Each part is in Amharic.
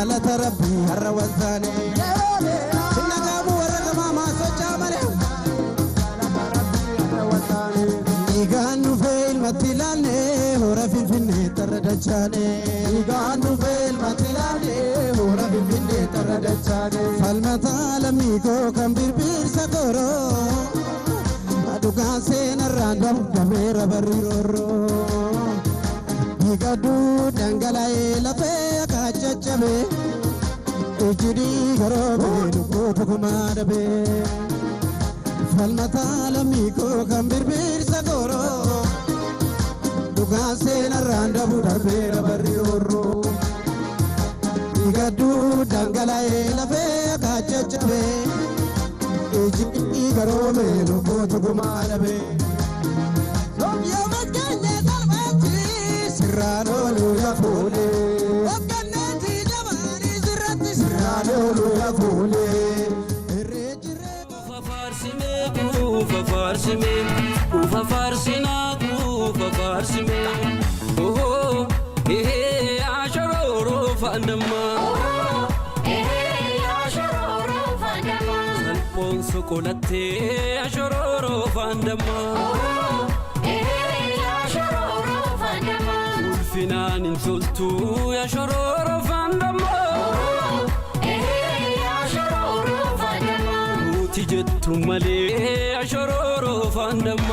jaalata rabbii har'a wantaane sinna gaabuu warra gamaa maasochaa malee dhiigaan dhufee ilmatti ilaalle hora finfinnee tarra dachaane dhiigaan dhufee ilmatti ilaalle hora finfinnee tarra dachaane falmata alamii koo kan birbirsa koroo adugaan seenarraan dabdameera barri rooroo dhiiga duu dhangala'ee lafee e dhabe ejjidii garoo ba'e lubbuu dhugumaa dhabe falmataa lammii koo kan birbirsa gooroo dhugaa seenarraan dhabu darbeera barri horroo dhiigadduu dhangala'ee lafee non ejjidii garoo ba'e lubbuu dhugumaa dhabe. Sirraa looluu lafuu Kolatee ashororo fandama. Ulfinaan hin toltu ashororo fandama. ሹመሌ አሸሮሮ ፋንደሞ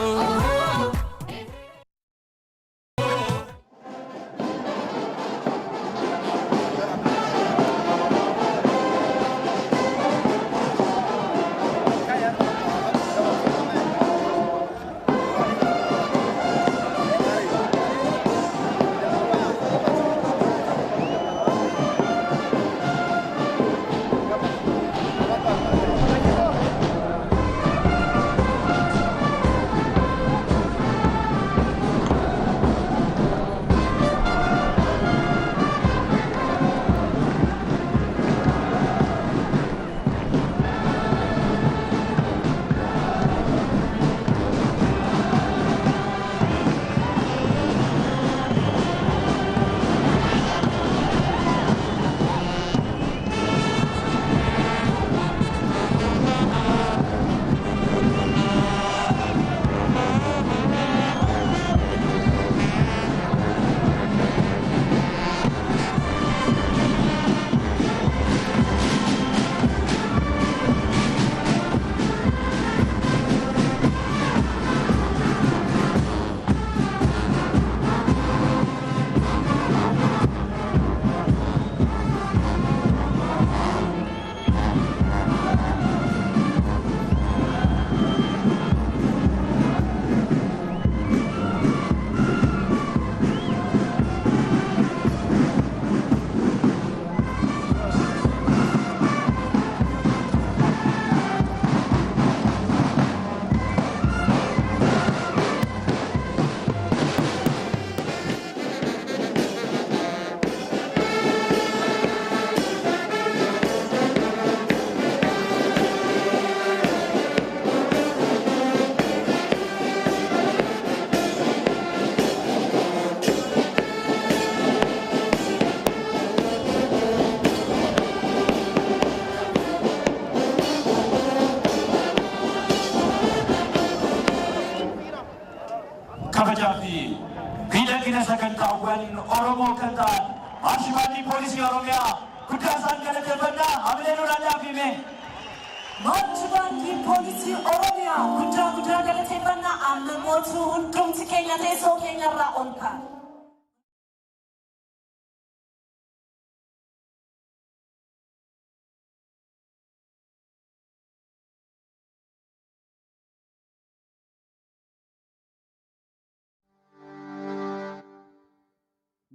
kabajaa fi miidhagina sagantaa waliin Oromoo kan ta'an marshimaadii poolisii Oromiyaa guddaa isaan galateeffannaa hamilee lolaadhaaf hime. Marchi baankii poolisii Oromiyaa guddaa guddaa galateeffannaa amma mootuu hundumti keenya teessoo keenyarraa ol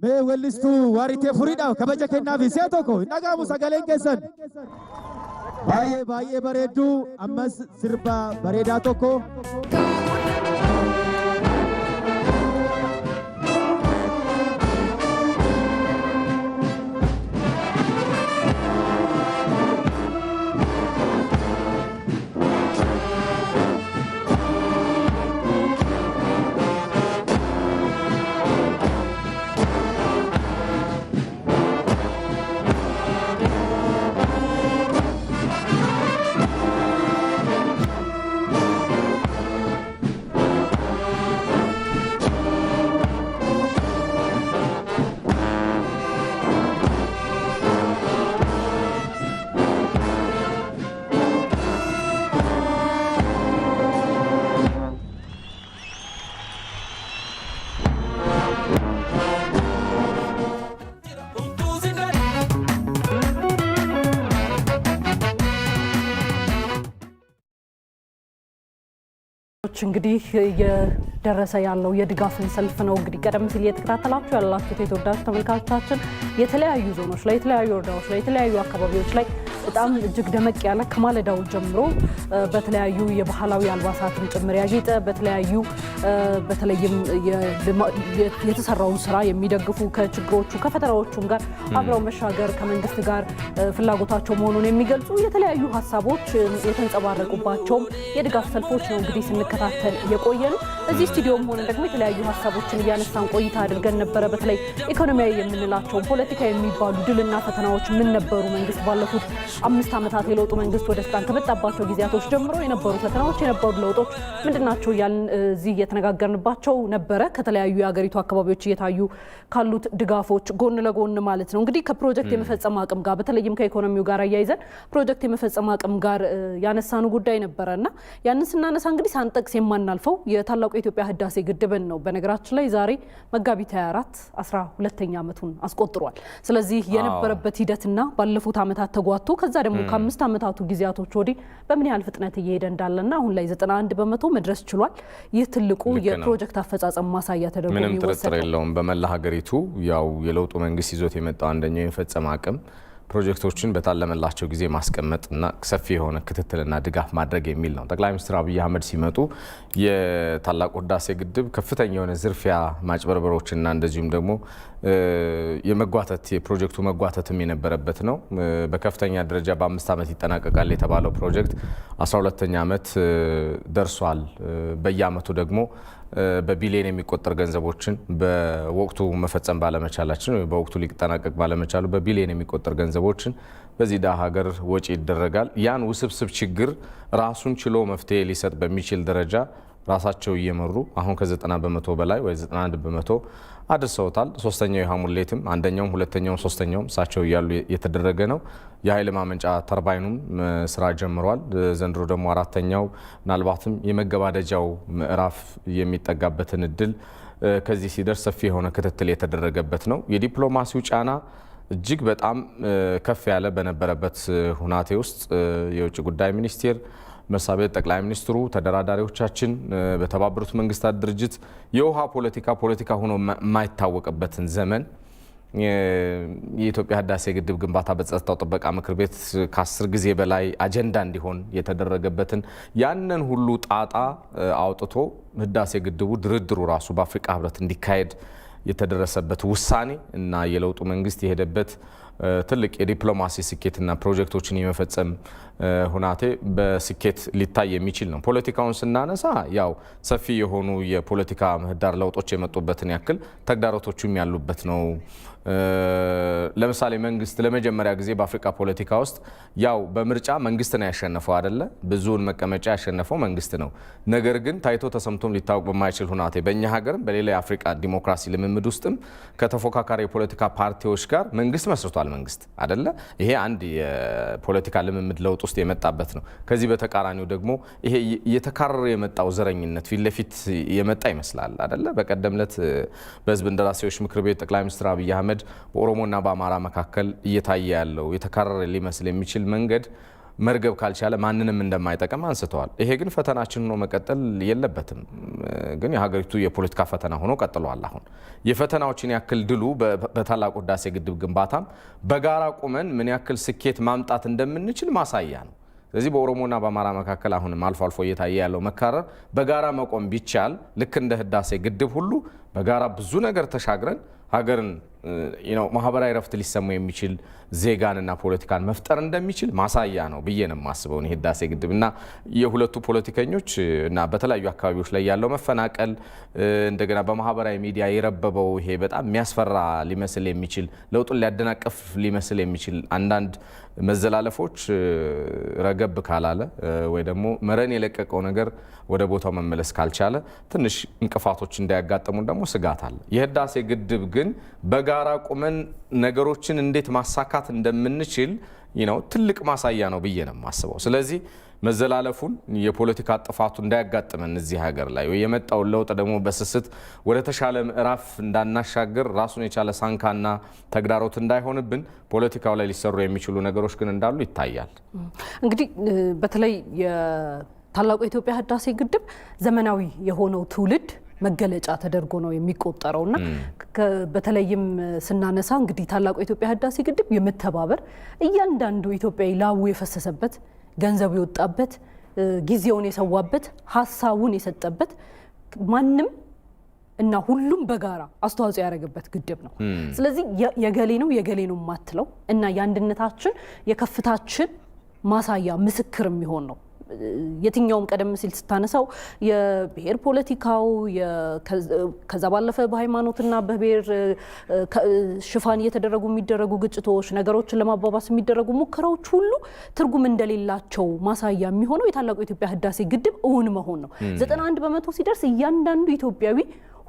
mee wellistuu waaritee furiidhaaf kabaja kennaaf isee tokko hin dhaga'amu sagaleen keessan. Baay'ee baay'ee bareedduu ammas sirba bareedaa tokko. እንግዲህ እየደረሰ ያለው የድጋፍን ሰልፍ ነው። እንግዲህ ቀደም ሲል እየተከታተላችሁ ያላችሁት የተወዳጅ ተመልካቾቻችን የተለያዩ ዞኖች ላይ፣ የተለያዩ ወረዳዎች ላይ፣ የተለያዩ አካባቢዎች ላይ በጣም እጅግ ደመቅ ያለ ከማለዳው ጀምሮ በተለያዩ የባህላዊ አልባሳትን ጭምር ያጌጠ በተለያዩ በተለይም የተሰራውን ስራ የሚደግፉ ከችግሮቹ ከፈተናዎቹም ጋር አብረው መሻገር ከመንግስት ጋር ፍላጎታቸው መሆኑን የሚገልጹ የተለያዩ ሀሳቦች የተንጸባረቁባቸውም የድጋፍ ሰልፎች ነው እንግዲህ ስንከታተል የቆየ ነው። እዚህ ስቱዲዮም ሆነ ደግሞ የተለያዩ ሀሳቦችን እያነሳን ቆይታ አድርገን ነበረ። በተለይ ኢኮኖሚያዊ የምንላቸው ፖለቲካ የሚባሉ ድልና ፈተናዎች ምን ነበሩ መንግስት ባለፉት አምስት ዓመታት የለውጡ መንግስት ወደ ስልጣን ከመጣባቸው ጊዜያቶች ጀምሮ የነበሩ ፈተናዎች የነበሩ ለውጦች ምንድናቸው እያልን እዚህ እየተነጋገርንባቸው ነበረ። ከተለያዩ የሀገሪቱ አካባቢዎች እየታዩ ካሉት ድጋፎች ጎን ለጎን ማለት ነው እንግዲህ ከፕሮጀክት የመፈጸም አቅም ጋር በተለይም ከኢኮኖሚው ጋር አያይዘን ፕሮጀክት የመፈጸም አቅም ጋር ያነሳኑ ጉዳይ ነበረ እና ያንን ስናነሳ እንግዲህ ሳንጠቅስ የማናልፈው የታላቁ የኢትዮጵያ ህዳሴ ግድብን ነው። በነገራችን ላይ ዛሬ መጋቢት 24 12ኛ ዓመቱን አስቆጥሯል። ስለዚህ የነበረበት ሂደትና ባለፉት ዓመታት ተጓቶ ከዛ ደግሞ ከአምስት ዓመታቱ ጊዜያቶች ወዲህ በምን ያህል ፍጥነት እየሄደ እንዳለና አሁን ላይ 91 በመቶ መድረስ ችሏል። ይህ ትልቁ የፕሮጀክት አፈጻጸም ማሳያ ተደርጎ ምንም ጥርጥር የለውም። በመላ ሀገሪቱ ያው የለውጡ መንግስት ይዞት የመጣው አንደኛው የመፈጸም አቅም ፕሮጀክቶችን በታለመላቸው ጊዜ ማስቀመጥና ሰፊ የሆነ ክትትልና ድጋፍ ማድረግ የሚል ነው። ጠቅላይ ሚኒስትር አብይ አህመድ ሲመጡ የታላቁ ህዳሴ ግድብ ከፍተኛ የሆነ ዝርፊያ፣ ማጭበርበሮችና እንደዚሁም ደግሞ የመጓተት የፕሮጀክቱ መጓተትም የነበረበት ነው። በከፍተኛ ደረጃ በአምስት ዓመት ይጠናቀቃል የተባለው ፕሮጀክት 12ኛ ዓመት ደርሷል። በየአመቱ ደግሞ በቢሊየን የሚቆጠር ገንዘቦችን በወቅቱ መፈጸም ባለመቻላችን ወይ በወቅቱ ሊጠናቀቅ ባለመቻሉ በቢሊየን የሚቆጠር ገንዘቦችን በዚህ ዳ ሀገር ወጪ ይደረጋል። ያን ውስብስብ ችግር ራሱን ችሎ መፍትሄ ሊሰጥ በሚችል ደረጃ ራሳቸው እየመሩ አሁን ከ90 በመቶ በላይ ወይ 91 በመቶ አድርሰውታል። ሶስተኛው የሃሙሌትም ሌትም አንደኛውም፣ ሁለተኛውም፣ ሶስተኛውም እሳቸው እያሉ የተደረገ ነው። የኃይል ማመንጫ ተርባይኑም ስራ ጀምሯል። ዘንድሮ ደግሞ አራተኛው ምናልባትም የመገባደጃው ምዕራፍ የሚጠጋበትን እድል ከዚህ ሲደርስ ሰፊ የሆነ ክትትል የተደረገበት ነው። የዲፕሎማሲው ጫና እጅግ በጣም ከፍ ያለ በነበረበት ሁናቴ ውስጥ የውጭ ጉዳይ ሚኒስቴር መሳቤት ጠቅላይ ሚኒስትሩ ተደራዳሪዎቻችን በተባበሩት መንግስታት ድርጅት የውሃ ፖለቲካ ፖለቲካ ሆኖ የማይታወቅበትን ዘመን የኢትዮጵያ ህዳሴ ግድብ ግንባታ በጸጥታው ጥበቃ ምክር ቤት ከአስር ጊዜ በላይ አጀንዳ እንዲሆን የተደረገበትን ያንን ሁሉ ጣጣ አውጥቶ ህዳሴ ግድቡ ድርድሩ ራሱ በአፍሪካ ህብረት እንዲካሄድ የተደረሰበት ውሳኔ እና የለውጡ መንግስት የሄደበት ትልቅ የዲፕሎማሲ ስኬትና ፕሮጀክቶችን የመፈጸም ሁናቴ በስኬት ሊታይ የሚችል ነው። ፖለቲካውን ስናነሳ ያው ሰፊ የሆኑ የፖለቲካ ምህዳር ለውጦች የመጡበትን ያክል ተግዳሮቶቹም ያሉበት ነው። ለምሳሌ መንግስት ለመጀመሪያ ጊዜ በአፍሪካ ፖለቲካ ውስጥ ያው በምርጫ መንግስት ነው ያሸነፈው አደለ? ብዙውን መቀመጫ ያሸነፈው መንግስት ነው። ነገር ግን ታይቶ ተሰምቶም ሊታወቅ በማይችል ሁናቴ በእኛ ሀገርም በሌላ የአፍሪካ ዲሞክራሲ ልምምድ ውስጥም ከተፎካካሪ የፖለቲካ ፓርቲዎች ጋር መንግስት መስርቷል። መንግስት አደለ? ይሄ አንድ የፖለቲካ ልምምድ ለውጥ ውስጥ የመጣበት ነው። ከዚህ በተቃራኒው ደግሞ ይሄ እየተካረረ የመጣው ዘረኝነት ፊት ለፊት የመጣ ይመስላል አደለ? በቀደም ዕለት በህዝብ እንደራሴዎች ምክር ቤት ጠቅላይ ሚኒስትር አብይ አህመድ በኦሮሞና በአማ በአማራ መካከል እየታየ ያለው የተካረረ ሊመስል የሚችል መንገድ መርገብ ካልቻለ ማንንም እንደማይጠቅም አንስተዋል። ይሄ ግን ፈተናችን ሆኖ መቀጠል የለበትም። ግን የሀገሪቱ የፖለቲካ ፈተና ሆኖ ቀጥሏል። አሁን የፈተናዎችን ያክል ድሉ በታላቁ ህዳሴ ግድብ ግንባታም በጋራ ቁመን ምን ያክል ስኬት ማምጣት እንደምንችል ማሳያ ነው። ስለዚህ በኦሮሞና በአማራ መካከል አሁንም አልፎ አልፎ እየታየ ያለው መካረር በጋራ መቆም ቢቻል ልክ እንደ ህዳሴ ግድብ ሁሉ በጋራ ብዙ ነገር ተሻግረን ሀገርን ማህበራዊ ረፍት ሊሰሙ የሚችል ዜጋንና ፖለቲካን መፍጠር እንደሚችል ማሳያ ነው ብዬ ነው የማስበው። ህዳሴ ግድብ እና የሁለቱ ፖለቲከኞች እና በተለያዩ አካባቢዎች ላይ ያለው መፈናቀል እንደገና በማህበራዊ ሚዲያ የረበበው ይሄ በጣም የሚያስፈራ ሊመስል የሚችል ለውጡን ሊያደናቀፍ ሊመስል የሚችል አንዳንድ መዘላለፎች ረገብ ካላለ ወይ ደግሞ መረን የለቀቀው ነገር ወደ ቦታው መመለስ ካልቻለ ትንሽ እንቅፋቶች እንዳያጋጥሙን ደግሞ ስጋት አለ። የህዳሴ ግድብ ግን በጋራ ቁመን ነገሮችን እንዴት ማሳካት እንደምንችል ነው ትልቅ ማሳያ ነው ብዬ ነው የማስበው። ስለዚህ መዘላለፉን የፖለቲካ ጥፋቱ እንዳያጋጥመን እዚህ ሀገር ላይ የመጣውን ለውጥ ደግሞ በስስት ወደ ተሻለ ምዕራፍ እንዳናሻገር ራሱን የቻለ ሳንካና ተግዳሮት እንዳይሆንብን ፖለቲካው ላይ ሊሰሩ የሚችሉ ነገሮች ግን እንዳሉ ይታያል። እንግዲህ በተለይ የታላቁ የኢትዮጵያ ህዳሴ ግድብ ዘመናዊ የሆነው ትውልድ መገለጫ ተደርጎ ነው የሚቆጠረው እና በተለይም ስናነሳ እንግዲህ ታላቁ የኢትዮጵያ ህዳሴ ግድብ የመተባበር እያንዳንዱ ኢትዮጵያዊ ላቡ የፈሰሰበት ገንዘቡ የወጣበት ጊዜውን የሰዋበት ሀሳቡን የሰጠበት ማንም እና ሁሉም በጋራ አስተዋጽኦ ያደረገበት ግድብ ነው። ስለዚህ የገሌ ነው የገሌ ነው የማትለው እና የአንድነታችን የከፍታችን ማሳያ ምስክር የሚሆን ነው። የትኛውም ቀደም ሲል ስታነሳው የብሔር ፖለቲካው ከዛ ባለፈ በሃይማኖትና በብሔር ሽፋን እየተደረጉ የሚደረጉ ግጭቶች፣ ነገሮችን ለማባባስ የሚደረጉ ሙከራዎች ሁሉ ትርጉም እንደሌላቸው ማሳያ የሚሆነው የታላቁ የኢትዮጵያ ህዳሴ ግድብ እውን መሆን ነው። ዘጠና አንድ በመቶ ሲደርስ እያንዳንዱ ኢትዮጵያዊ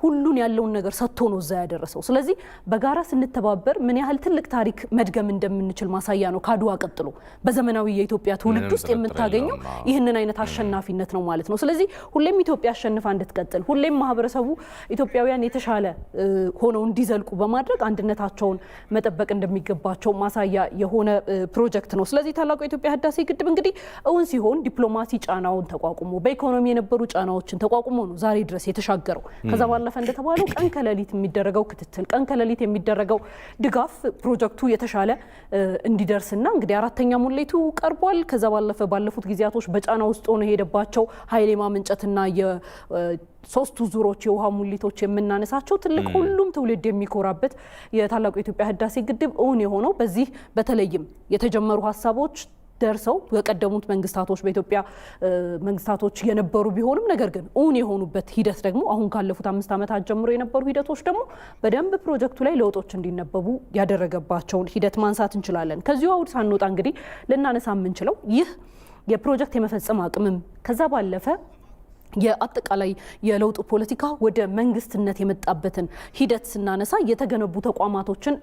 ሁሉን ያለውን ነገር ሰጥቶ ነው እዛ ያደረሰው። ስለዚህ በጋራ ስንተባበር ምን ያህል ትልቅ ታሪክ መድገም እንደምንችል ማሳያ ነው። ካድዋ ቀጥሎ በዘመናዊ የኢትዮጵያ ትውልድ ውስጥ የምታገኘው ይህንን አይነት አሸናፊነት ነው ማለት ነው። ስለዚህ ሁሌም ኢትዮጵያ አሸንፋ እንድትቀጥል፣ ሁሌም ማህበረሰቡ ኢትዮጵያውያን የተሻለ ሆነው እንዲዘልቁ በማድረግ አንድነታቸውን መጠበቅ እንደሚገባቸው ማሳያ የሆነ ፕሮጀክት ነው። ስለዚህ ታላቁ የኢትዮጵያ ህዳሴ ግድብ እንግዲህ እውን ሲሆን ዲፕሎማሲ ጫናውን ተቋቁሞ በኢኮኖሚ የነበሩ ጫናዎችን ተቋቁሞ ነው ዛሬ ድረስ የተሻገረው ከዛ ባለፈ ተጻፈ እንደተባለው ቀን ከሌሊት የሚደረገው ክትትል፣ ቀን ከሌሊት የሚደረገው ድጋፍ ፕሮጀክቱ የተሻለ እንዲደርስና እንግዲህ አራተኛ ሙሌቱ ቀርቧል። ከዛ ባለፈ ባለፉት ጊዜያቶች በጫና ውስጥ ሆኖ የሄደባቸው ኃይሌ ማመንጨትና ሶስቱ ዙሮች የውሃ ሙሊቶች የምናነሳቸው ትልቅ ሁሉም ትውልድ የሚኮራበት የታላቁ የኢትዮጵያ ህዳሴ ግድብ እውን የሆነው በዚህ በተለይም የተጀመሩ ሀሳቦች ደርሰው በቀደሙት መንግስታቶች በኢትዮጵያ መንግስታቶች የነበሩ ቢሆንም ነገር ግን እውን የሆኑበት ሂደት ደግሞ አሁን ካለፉት አምስት ዓመታት ጀምሮ የነበሩ ሂደቶች ደግሞ በደንብ ፕሮጀክቱ ላይ ለውጦች እንዲነበቡ ያደረገባቸውን ሂደት ማንሳት እንችላለን። ከዚሁ አውድ ሳንወጣ እንግዲህ ልናነሳ የምንችለው ይህ የፕሮጀክት የመፈጸም አቅምም ከዛ ባለፈ የአጠቃላይ የለውጥ ፖለቲካ ወደ መንግስትነት የመጣበትን ሂደት ስናነሳ የተገነቡ ተቋማቶችን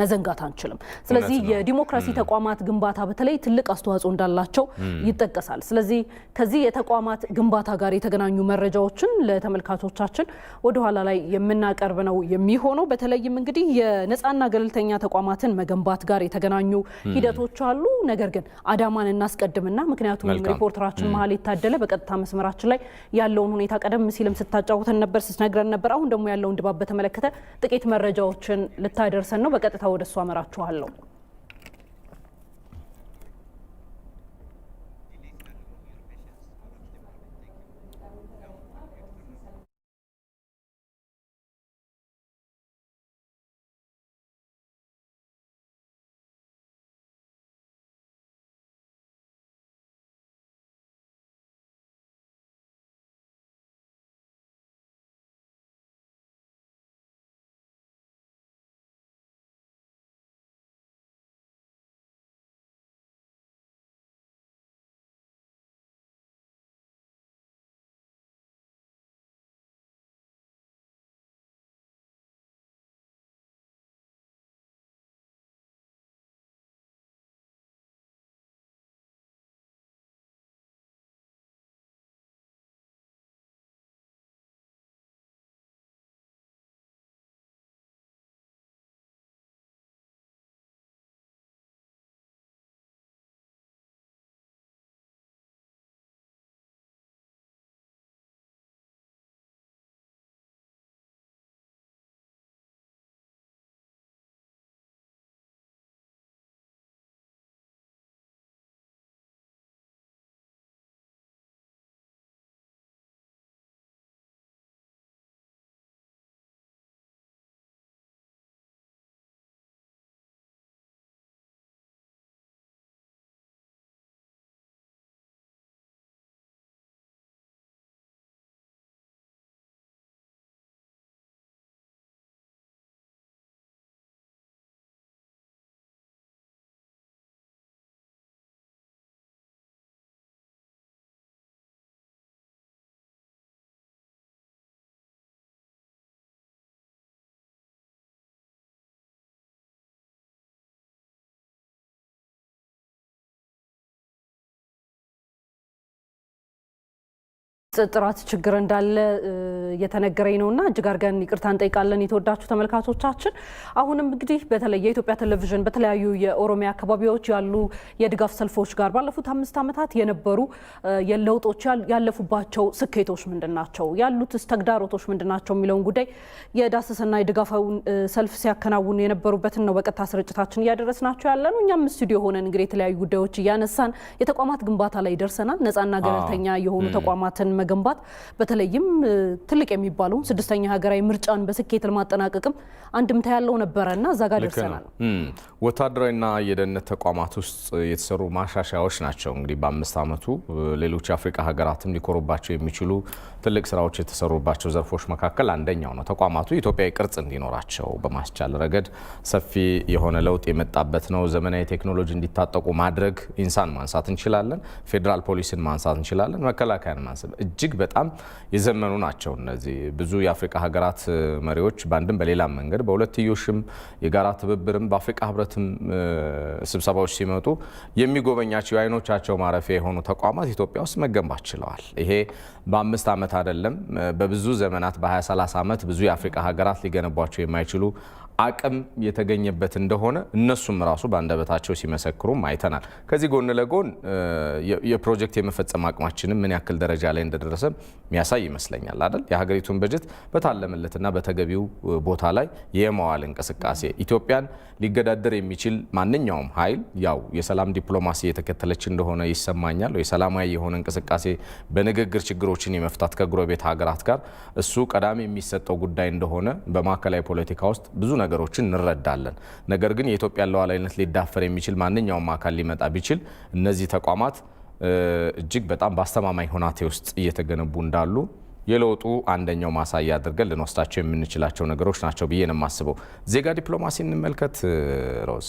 መዘንጋት አንችልም። ስለዚህ የዲሞክራሲ ተቋማት ግንባታ በተለይ ትልቅ አስተዋጽኦ እንዳላቸው ይጠቀሳል። ስለዚህ ከዚህ የተቋማት ግንባታ ጋር የተገናኙ መረጃዎችን ለተመልካቾቻችን ወደኋላ ላይ የምናቀርብ ነው የሚሆነው። በተለይም እንግዲህ የነፃና ገለልተኛ ተቋማትን መገንባት ጋር የተገናኙ ሂደቶች አሉ። ነገር ግን አዳማን እናስቀድምና ምክንያቱም ሪፖርተራችን መሀል የታደለ በቀጥታ መስመራችን ላይ ያለውን ሁኔታ ቀደም ሲልም ስታጫውተን ነበር፣ ስትነግረን ነበር። አሁን ደግሞ ያለውን ድባብ በተመለከተ ጥቂት መረጃዎችን ልታደርሰን ነው። በቀጥታ ወደ እሱ አመራችኋለሁ። ጥራት ችግር እንዳለ እየተነገረኝ ነው እና እጅግ አድርገን ይቅርታ እንጠይቃለን። የተወዳችሁ ተመልካቾቻችን፣ አሁንም እንግዲህ በተለይ የኢትዮጵያ ቴሌቪዥን በተለያዩ የኦሮሚያ አካባቢዎች ያሉ የድጋፍ ሰልፎች ጋር ባለፉት አምስት ዓመታት የነበሩ የለውጦች ያለፉባቸው ስኬቶች ምንድን ናቸው፣ ያሉትስ ተግዳሮቶች ምንድን ናቸው የሚለውን ጉዳይ የዳሰሰና የድጋፋውን ሰልፍ ሲያከናውኑ የነበሩበትን ነው በቀጥታ ስርጭታችን እያደረስናቸው ያለ ነው። እኛም ስቱዲዮ ሆነን እንግዲህ የተለያዩ ጉዳዮች እያነሳን የተቋማት ግንባታ ላይ ደርሰናል። ነጻና ገለልተኛ የሆኑ ተቋማትን ለመገንባት በተለይም ትልቅ የሚባለውን ስድስተኛ ሀገራዊ ምርጫን በስኬት ለማጠናቀቅም አንድምታ ያለው ነበረና እዛ ጋር ደርሰናል። ወታደራዊና የደህንነት ተቋማት ውስጥ የተሰሩ ማሻሻያዎች ናቸው እንግዲህ በአምስት ዓመቱ ሌሎች የአፍሪካ ሀገራትም ሊኮሩባቸው የሚችሉ ትልቅ ስራዎች የተሰሩባቸው ዘርፎች መካከል አንደኛው ነው። ተቋማቱ ኢትዮጵያዊ ቅርጽ እንዲኖራቸው በማስቻል ረገድ ሰፊ የሆነ ለውጥ የመጣበት ነው። ዘመናዊ ቴክኖሎጂ እንዲታጠቁ ማድረግ ኢንሳን ማንሳት እንችላለን። ፌዴራል ፖሊስን ማንሳት እንችላለን። መከላከያን ማንሳት እጅግ በጣም የዘመኑ ናቸው። እነዚህ ብዙ የአፍሪካ ሀገራት መሪዎች በአንድም በሌላም መንገድ በሁለትዮሽም የጋራ ትብብርም በአፍሪካ ህብረትም ስብሰባዎች ሲመጡ የሚጎበኛቸው የአይኖቻቸው ማረፊያ የሆኑ ተቋማት ኢትዮጵያ ውስጥ መገንባት ችለዋል። ይሄ በአምስት ዓመት አይደለም፣ በብዙ ዘመናት በ 23 ዓመት ብዙ የአፍሪካ ሀገራት ሊገነቧቸው የማይችሉ አቅም የተገኘበት እንደሆነ እነሱም ራሱ በአንደበታቸው ሲመሰክሩም አይተናል። ከዚህ ጎን ለጎን የፕሮጀክት የመፈጸም አቅማችንም ምን ያክል ደረጃ ላይ እንደደረሰ የሚያሳይ ይመስለኛል አይደል? የሀገሪቱን በጀት በታለመለትና በተገቢው ቦታ ላይ የመዋል እንቅስቃሴ ኢትዮጵያን ሊገዳደር የሚችል ማንኛውም ኃይል ያው የሰላም ዲፕሎማሲ የተከተለች እንደሆነ ይሰማኛል። የሰላማዊ የሆነ እንቅስቃሴ በንግግር ችግሮችን የመፍታት ከጎረቤት ሀገራት ጋር እሱ ቀዳሚ የሚሰጠው ጉዳይ እንደሆነ በማዕከላዊ ፖለቲካ ውስጥ ብዙ ነገር ነገሮችን እንረዳለን። ነገር ግን የኢትዮጵያን ሉዓላዊነት ሊዳፈር የሚችል ማንኛውም አካል ሊመጣ ቢችል እነዚህ ተቋማት እጅግ በጣም በአስተማማኝ ሁናቴ ውስጥ እየተገነቡ እንዳሉ የለውጡ አንደኛው ማሳያ አድርገን ልንወስዳቸው የምንችላቸው ነገሮች ናቸው ብዬ ነው የማስበው። ዜጋ ዲፕሎማሲ እንመልከት። ሮዝ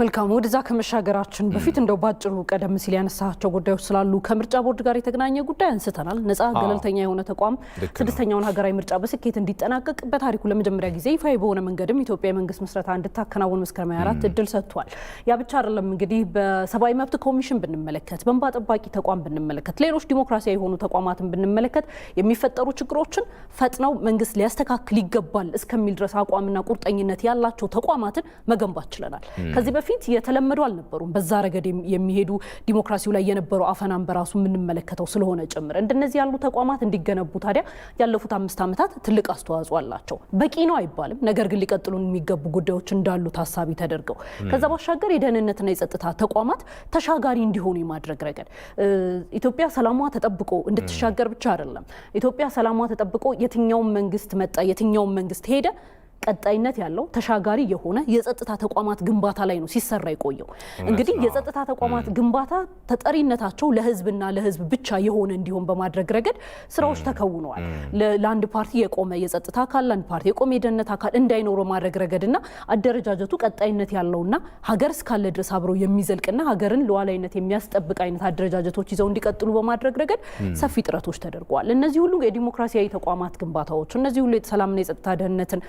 መልካም፣ ወደዛ ከመሻገራችን በፊት እንደው ባጭሩ ቀደም ሲል ያነሳቸው ጉዳዮች ስላሉ ከምርጫ ቦርድ ጋር የተገናኘ ጉዳይ አንስተናል። ነጻ ገለልተኛ የሆነ ተቋም ስድስተኛውን ሀገራዊ ምርጫ በስኬት እንዲጠናቀቅ በታሪኩ ለመጀመሪያ ጊዜ ይፋዊ በሆነ መንገድም ኢትዮጵያ የመንግስት ምስረታ እንድታከናውን መስከረም 24 እድል ሰጥቷል። ያ ብቻ አይደለም እንግዲህ በሰብአዊ መብት ኮሚሽን ብንመለከት፣ በእንባ ጠባቂ ተቋም ብንመለከት፣ ሌሎች ዲሞክራሲያዊ የሆኑ ተቋማትን ብንመለከት የሚፈ የሚፈጠሩ ችግሮችን ፈጥነው መንግስት ሊያስተካክል ይገባል እስከሚል ድረስ አቋምና ቁርጠኝነት ያላቸው ተቋማትን መገንባት ችለናል። ከዚህ በፊት የተለመዱ አልነበሩም። በዛ ረገድ የሚሄዱ ዲሞክራሲው ላይ የነበረው አፈናን በራሱ የምንመለከተው ስለሆነ ጭምር እንደነዚህ ያሉ ተቋማት እንዲገነቡ ታዲያ ያለፉት አምስት ዓመታት ትልቅ አስተዋጽኦ አላቸው። በቂ ነው አይባልም፣ ነገር ግን ሊቀጥሉ የሚገቡ ጉዳዮች እንዳሉ ታሳቢ ተደርገው ከዛ ባሻገር የደህንነትና የጸጥታ ተቋማት ተሻጋሪ እንዲሆኑ የማድረግ ረገድ ኢትዮጵያ ሰላሟ ተጠብቆ እንድትሻገር ብቻ አይደለም ኢትዮጵያ ሰላሟ ተጠብቆ የትኛውም መንግስት መጣ የትኛውም መንግስት ሄደ ቀጣይነት ያለው ተሻጋሪ የሆነ የጸጥታ ተቋማት ግንባታ ላይ ነው ሲሰራ የቆየው። እንግዲህ የጸጥታ ተቋማት ግንባታ ተጠሪነታቸው ለህዝብና ለህዝብ ብቻ የሆነ እንዲሆን በማድረግ ረገድ ስራዎች ተከውነዋል። ለአንድ ፓርቲ የቆመ የጸጥታ አካል፣ ለአንድ ፓርቲ የቆመ የደህንነት አካል እንዳይኖር በማድረግ ረገድና አደረጃጀቱ ቀጣይነት ያለውና ሀገር እስካለ ድረስ አብሮ የሚዘልቅና ሀገርን ሉዓላዊነት የሚያስጠብቅ አይነት አደረጃጀቶች ይዘው እንዲቀጥሉ በማድረግ ረገድ ሰፊ ጥረቶች ተደርገዋል። እነዚህ ሁሉ የዲሞክራሲያዊ ተቋማት ግንባታዎች እነዚህ ሁሉ የሰላምና የጸጥታ ደህንነትን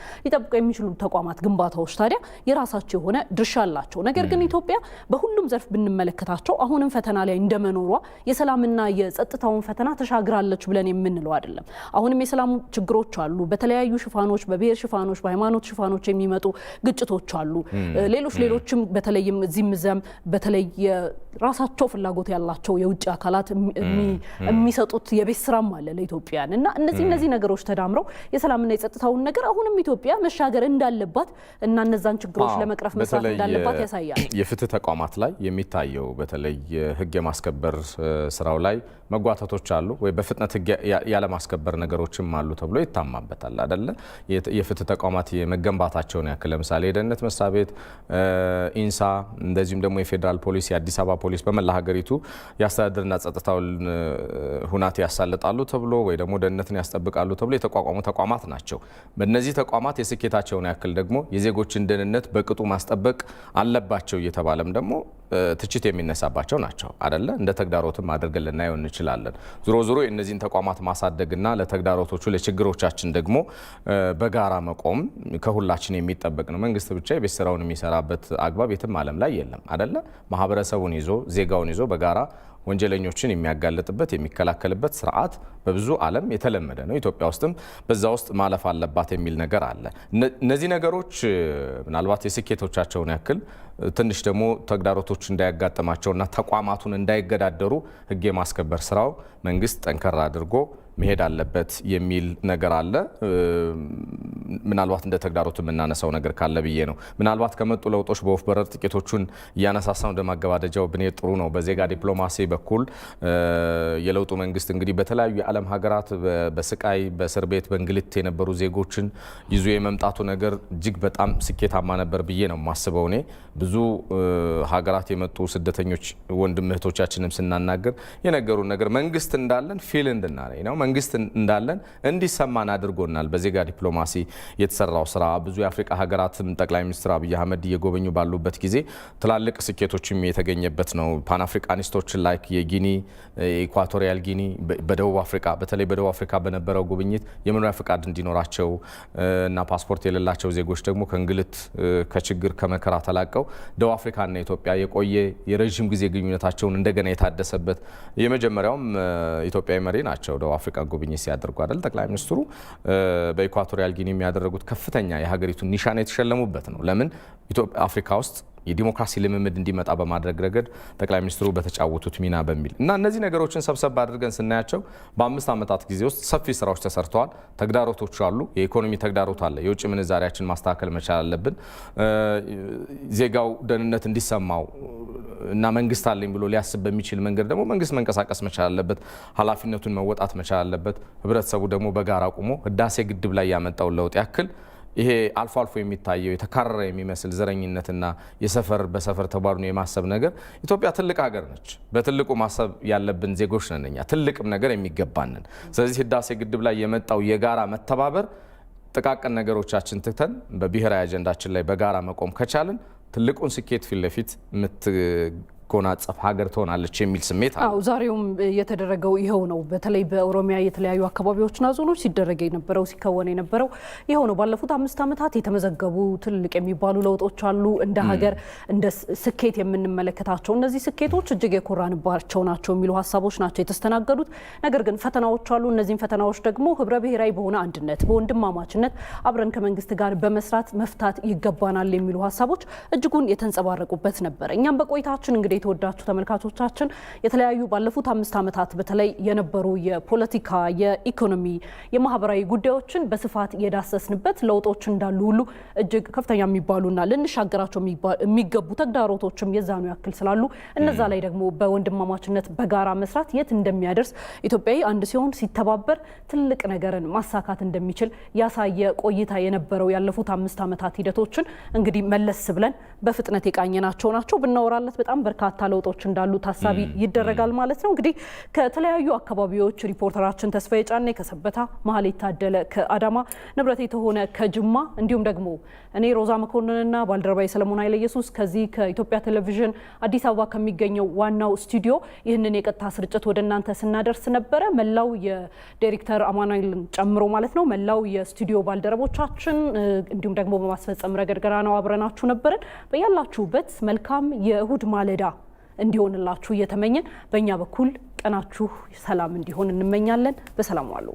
ሊጠብቁ የሚችሉ ተቋማት ግንባታዎች ታዲያ የራሳቸው የሆነ ድርሻ አላቸው። ነገር ግን ኢትዮጵያ በሁሉም ዘርፍ ብንመለከታቸው አሁንም ፈተና ላይ እንደመኖሯ የሰላምና የጸጥታውን ፈተና ተሻግራለች ብለን የምንለው አይደለም። አሁንም የሰላም ችግሮች አሉ። በተለያዩ ሽፋኖች፣ በብሔር ሽፋኖች፣ በሃይማኖት ሽፋኖች የሚመጡ ግጭቶች አሉ። ሌሎች ሌሎችም በተለይም እዚህም እዚያም በተለይ ራሳቸው ፍላጎት ያላቸው የውጭ አካላት የሚሰጡት የቤት ስራም አለ ለኢትዮጵያን እና እነዚህ እነዚህ ነገሮች ተዳምረው የሰላምና የጸጥታውን ነገር አሁንም ኢትዮጵያ መሻገር እንዳለባት እና እነዛን ችግሮች ለመቅረፍ መስራት እንዳለባት ያሳያል። የፍትህ ተቋማት ላይ የሚታየው በተለይ ህግ የማስከበር ስራው ላይ መጓተቶች አሉ ወይ በፍጥነት ህግ ያለማስከበር ነገሮችም አሉ ተብሎ ይታማበታል አደለ። የፍትህ ተቋማት የመገንባታቸውን ያክል ለምሳሌ የደህንነት መስሪያ ቤት፣ ኢንሳ፣ እንደዚሁም ደግሞ የፌዴራል ፖሊስ፣ የአዲስ አበባ ፖሊስ በመላ ሀገሪቱ የአስተዳደርና ጸጥታውን ሁናት ያሳልጣሉ ተብሎ ወይ ደግሞ ደህንነትን ያስጠብቃሉ ተብሎ የተቋቋሙ ተቋማት ናቸው። በእነዚህ ተቋማት የስኬታቸውን ያክል ደግሞ የዜጎችን ደህንነት በቅጡ ማስጠበቅ አለባቸው እየተባለም ደግሞ ትችት የሚነሳባቸው ናቸው አደለ? እንደ ተግዳሮትም አድርገን ልናየው እንችላለን። ዞሮ ዞሮ የእነዚህን ተቋማት ማሳደግና ለተግዳሮቶቹ ለችግሮቻችን ደግሞ በጋራ መቆም ከሁላችን የሚጠበቅ ነው። መንግስት ብቻ የቤት ስራውን የሚሰራበት አግባብ የትም ዓለም ላይ የለም አደለ? ማህበረሰቡን ይዞ ዜጋውን ይዞ በጋራ ወንጀለኞችን የሚያጋልጥበት የሚከላከልበት ስርዓት በብዙ ዓለም የተለመደ ነው። ኢትዮጵያ ውስጥም በዛ ውስጥ ማለፍ አለባት የሚል ነገር አለ። እነዚህ ነገሮች ምናልባት የስኬቶቻቸውን ያክል ትንሽ ደግሞ ተግዳሮቶች እንዳያጋጥማቸውና ተቋማቱን እንዳይገዳደሩ ህግ የማስከበር ስራው መንግስት ጠንከራ አድርጎ መሄድ አለበት የሚል ነገር አለ። ምናልባት እንደ ተግዳሮት የምናነሳው ነገር ካለ ብዬ ነው። ምናልባት ከመጡ ለውጦች በወፍ በረር ጥቂቶቹን እያነሳሳ ወደ ማገባደጃው ብኔ ጥሩ ነው። በዜጋ ዲፕሎማሲ በኩል የለውጡ መንግስት እንግዲህ በተለያዩ የዓለም ሀገራት በስቃይ በእስር ቤት በእንግልት የነበሩ ዜጎችን ይዞ የመምጣቱ ነገር እጅግ በጣም ስኬታማ ነበር ብዬ ነው ማስበው እኔ ብዙ ብዙ ሀገራት የመጡ ስደተኞች ወንድም እህቶቻችንም ስናናገር የነገሩን ነገር መንግስት እንዳለን ፊል እንድናረኝ ነው። መንግስት እንዳለን እንዲሰማን አድርጎናል። በዜጋ ዲፕሎማሲ የተሰራው ስራ ብዙ የአፍሪቃ ሀገራትም ጠቅላይ ሚኒስትር አብይ አህመድ እየጎበኙ ባሉበት ጊዜ ትላልቅ ስኬቶችም የተገኘበት ነው። ፓን አፍሪቃኒስቶች ላይክ የጊኒ ኢኳቶሪያል ጊኒ በደቡብ አፍሪካ በተለይ በደቡብ አፍሪካ በነበረው ጉብኝት የመኖሪያ ፍቃድ እንዲኖራቸው እና ፓስፖርት የሌላቸው ዜጎች ደግሞ ከእንግልት ከችግር ከመከራ ተላቀው ደቡብ አፍሪካና ኢትዮጵያ የቆየ የረዥም ጊዜ ግንኙነታቸውን እንደገና የታደሰበት የመጀመሪያውም ኢትዮጵያዊ መሪ ናቸው። ደቡብ አፍሪካ ጉብኝት ሲያደርጉ አይደል ጠቅላይ ሚኒስትሩ በኢኳቶሪያል ጊኒ የሚያደረጉት ከፍተኛ የሀገሪቱን ኒሻን የተሸለሙበት ነው። ለምን አፍሪካ ውስጥ የዲሞክራሲ ልምምድ እንዲመጣ በማድረግ ረገድ ጠቅላይ ሚኒስትሩ በተጫወቱት ሚና በሚል እና እነዚህ ነገሮችን ሰብሰብ አድርገን ስናያቸው በአምስት ዓመታት ጊዜ ውስጥ ሰፊ ስራዎች ተሰርተዋል። ተግዳሮቶቹ አሉ። የኢኮኖሚ ተግዳሮት አለ። የውጭ ምንዛሪያችን ማስተካከል መቻል አለብን። ዜጋው ደህንነት እንዲሰማው እና መንግስት አለኝ ብሎ ሊያስብ በሚችል መንገድ ደግሞ መንግስት መንቀሳቀስ መቻል አለበት። ኃላፊነቱን መወጣት መቻል አለበት። ህብረተሰቡ ደግሞ በጋራ ቁሞ ህዳሴ ግድብ ላይ ያመጣውን ለውጥ ያክል ይሄ አልፎ አልፎ የሚታየው የተካረረ የሚመስል ዘረኝነትና የሰፈር በሰፈር ተባሉ የማሰብ ነገር ኢትዮጵያ ትልቅ ሀገር ነች። በትልቁ ማሰብ ያለብን ዜጎች ነን እኛ ትልቅም ነገር የሚገባንን። ስለዚህ ህዳሴ ግድብ ላይ የመጣው የጋራ መተባበር ጥቃቅን ነገሮቻችን ትተን በብሔራዊ አጀንዳችን ላይ በጋራ መቆም ከቻልን ትልቁን ስኬት ፊት ለፊት የምትጎናጸፍ ሀገር ትሆናለች የሚል ስሜት አለ። ዛሬውም የተደረገው ይኸው ነው። በተለይ በኦሮሚያ የተለያዩ አካባቢዎችና ዞኖች ሲደረገ የነበረው ሲከወን የነበረው ይኸው ነው። ባለፉት አምስት ዓመታት የተመዘገቡ ትልልቅ የሚባሉ ለውጦች አሉ። እንደ ሀገር እንደ ስኬት የምንመለከታቸው እነዚህ ስኬቶች እጅግ የኮራንባቸው ናቸው የሚሉ ሀሳቦች ናቸው የተስተናገዱት። ነገር ግን ፈተናዎች አሉ። እነዚህም ፈተናዎች ደግሞ ህብረ ብሔራዊ በሆነ አንድነት በወንድማማችነት አብረን ከመንግስት ጋር በመስራት መፍታት ይገባናል የሚሉ ሀሳቦች እጅጉን የተንጸባረቁበት ነበር። እኛም በቆይታችን እንግዲህ የተወዳችሁ ተመልካቾቻችን የተለያዩ ባለፉት አምስት ዓመታት በተለይ የነበሩ የፖለቲካ፣ የኢኮኖሚ፣ የማህበራዊ ጉዳዮችን በስፋት የዳሰስንበት ለውጦች እንዳሉ ሁሉ እጅግ ከፍተኛ የሚባሉና ልንሻገራቸው የሚገቡ ተግዳሮቶችም የዛኑ ያክል ስላሉ እነዛ ላይ ደግሞ በወንድማማችነት በጋራ መስራት የት እንደሚያደርስ ኢትዮጵያዊ አንድ ሲሆን ሲተባበር ትልቅ ነገርን ማሳካት እንደሚችል ያሳየ ቆይታ የነበረው ያለፉት አምስት ዓመታት ሂደቶችን እንግዲህ መለስ ብለን በፍጥነት የቃኘናቸው ናቸው። ብናወራለት በጣም በርካታ በርካታ ለውጦች እንዳሉ ታሳቢ ይደረጋል ማለት ነው። እንግዲህ ከተለያዩ አካባቢዎች ሪፖርተራችን ተስፋዬ ጫኔ ከሰበታ፣ መሀል የታደለ ከአዳማ ንብረት የተሆነ ከጅማ እንዲሁም ደግሞ እኔ ሮዛ መኮንንና ባልደረባ ሰለሞን ኃይለ ኢየሱስ ከዚህ ከኢትዮጵያ ቴሌቪዥን አዲስ አበባ ከሚገኘው ዋናው ስቱዲዮ ይህንን የቀጥታ ስርጭት ወደ እናንተ ስናደርስ ነበረ። መላው የዳይሬክተር አማኑኤልን ጨምሮ ማለት ነው መላው የስቱዲዮ ባልደረቦቻችን እንዲሁም ደግሞ በማስፈጸም ረገድ ነው አብረናችሁ ነበርን። በያላችሁበት መልካም የእሁድ ማለዳ እንዲሆንላችሁ እየተመኘን በእኛ በኩል ቀናችሁ ሰላም እንዲሆን እንመኛለን። በሰላም ዋሉ።